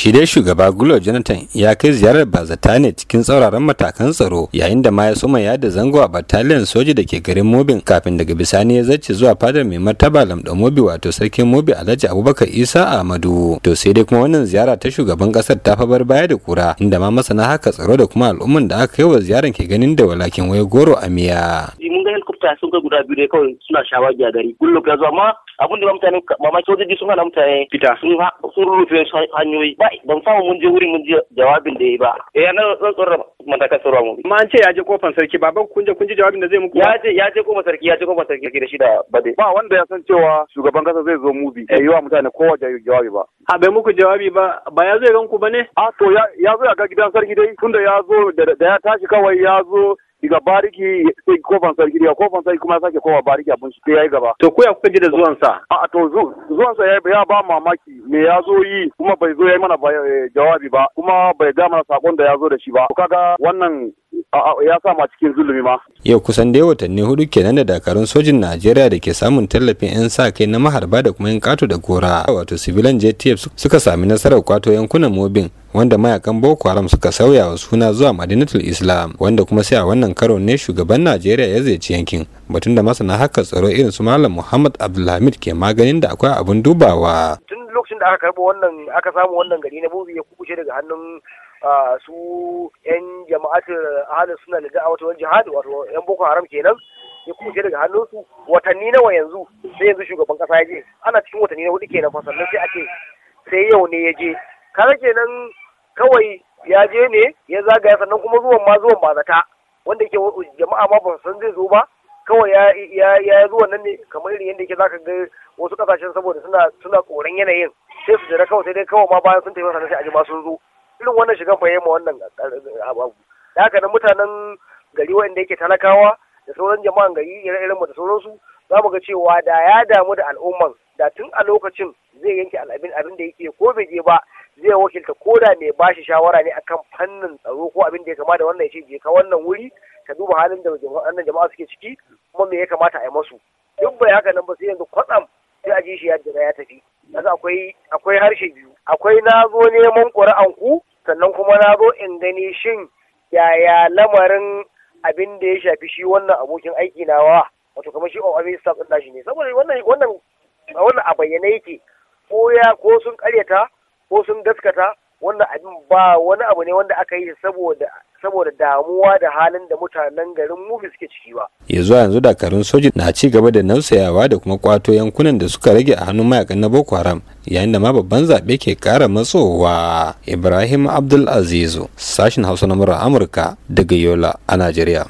shi dai shugaba gulo jonathan ya kai ziyarar bazata ne cikin tsauraran matakan tsaro yayin da ma ya da yada zango a battalion soji da ke garin mobin kafin daga bisani ya zace zuwa fadar mai martaba lamɗa mobi wato sarkin mobi alhaji abubakar isa ahmadu to sai dai kuma wannan ziyara ta shugaban kasar ta fa bar baya da kura inda ma masana haka tsaro da kuma al'umman da aka kai wa ziyaran ke ganin da walakin wai goro a miya mutane sun kai guda biyu ne kawai suna shawagi a gari Gullo ya zo amma abin da mutane mamaki wajen sun hana mutane fita sun rufe hanyoyi ba ban samu mun je wuri mun je jawabin da ya ba eh na zan tsoron matakan tsoron mu amma an ce ya je kofan sarki Baban kun je kun je jawabin da zai muku ya je ya je kofan sarki ya je kofan sarki da shi da bade ba wanda ya san cewa shugaban kasa zai zo mubi eh yawa mutane kowa jawabi ba a bai muku jawabi ba ba ya zo ya ganku ba ne a to ya zo ya ga gidan sarki dai tunda ya zo da ya tashi kawai ya zo Diga bariki sai kofan sarki daga kofan sarki kuma ya sake kowa bariki abin shi sai yayi gaba to ko ya kuka ji da zuwan sa a to zuwan sa ya ba mamaki me ya zo yi kuma bai zo ya yayi mana eh, jawabi ba kuma bai ga mana sakon da ya zo da shi ba kaga wannan ya sa ma cikin zulumi ma yau kusan dai watanni hudu kenan da dakarun sojin Najeriya da ke samun tallafin 'yan sa kai na maharba da kuma 'yan kato da gora wato sibilan JTF suka sami nasarar kwato yankunan mobin wanda mayakan boko haram suka sauya wa suna zuwa madinatul islam wanda kuma sai a wannan karo ne shugaban najeriya ya ziyarci yankin batun da masana haka tsaro irin su malam muhammad abdulhamid ke maganin da akwai abun dubawa tun lokacin da aka karbo wannan aka samu wannan gari na bubi ya kubuce daga hannun su yan jama'atul ahlus suna da da'awatu wal jihad wato yan boko haram kenan ya kubuce daga su watanni nawa yanzu sai yanzu shugaban kasa ya je ana cikin watanni na hudu kenan fa sai a sai yau ne ya je kaga kenan kawai ya je ne ya zagaya sannan kuma zuwan ma zuwan ba wanda ke jama'a ma ba san zai zo ba kawai ya ya ya zuwa nan ne kamar irin yadda yake zaka ga wasu kasashen saboda suna suna tsoron yanayin sai su jira kawai sai dai kawai ma bayan sun tafi sannan sai a ji ma sun zo irin wannan shigan fa yayin wannan eh, abu da haka nan mutanen gari wanda yake talakawa da sauran jama'an gari irin irin mu da sauransu za mu ga cewa da ya damu da al'umman da tun a lokacin zai yanke al'abin abin da yake ko bai je ba zai wakilta da mai bashi shawara ne akan fannin tsaro ko abin da ya kama da wannan ya ce je ka wannan wuri ka duba halin da wannan jama'a suke ciki kuma me ya kamata a yi masu duk bai haka nan ba sai yanzu kwatsam sai a ji shi yadda ya tafi Yanzu akwai akwai harshe biyu akwai na zo neman ƙuri'an ku sannan kuma na zo in gani shin yaya lamarin abin da ya shafi shi wannan abokin aiki nawa wato kamar shi on abin staff din ne saboda wannan wannan wannan a bayyane yake ko ya ko sun karyata ko sun gaskata wannan abin ba wani abu ne wanda aka yi saboda saboda damuwa da halin da mutanen garin mubi suke ciki ba. Ya zuwa yanzu dakarun soji na ci gaba da nausayawa da kuma kwato yankunan da suka rage a hannun mayakan na Boko Haram yayin da ma babban zaɓe ke ƙara matsowa. Ibrahim Abdul Azizu, sashin Hausa na Amurka daga Yola a Najeriya.